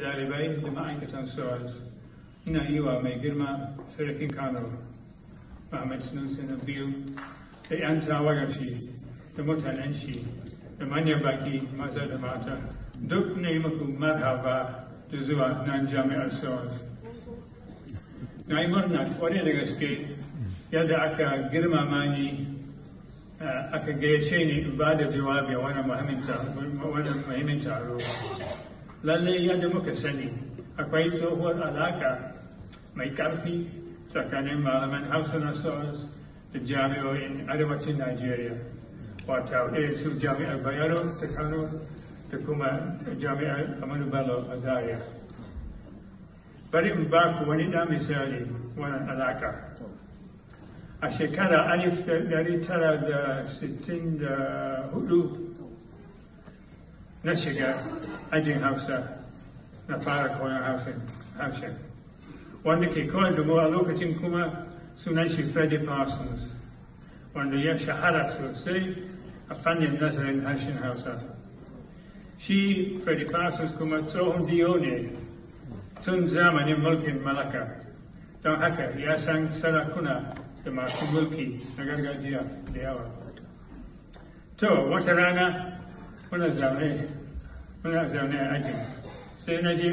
da ɗalibai da ma'aikatan SOAS ina yi wa mai girma sarkin Kano Muhammad Sunusi na biyu da 'yan tawagar shi da mutanen shi da manyan baki maza da mata duk na yi muku marhaba da zuwa nan jami'ar SOAS. Na yi da gaske yadda aka girmama ni aka gayyace ni ba da jawabi a wannan muhimmin taro lalle da muka sani akwai tsohuwar alaka mai ƙarfi tsakanin malaman hausa na sos da jami'o'in arewacin najeriya wata ɗaya su jami'ar bayero tekuma kano da azaya jami'ar amadu bello a zaria bari alaka. ba ku wani ɗan da wannan da a na shiga ajin hausa na fara koyon hausa wanda ke koyar da lokacin kuma sunan shi Freddy Parsons wanda ya shahara sosai a fannin nazarin harshen hausa shi Freddy Parsons kuma tsohon biyu ne tun zamanin mulkin mallaka, don haka ya san sarakuna da masu mulki na gargajiya da yawa to wata rana ဘုရားဆောင်နဲ့ဘုရားဆောင်နဲ့အဲ့ဒီစေနေချင်း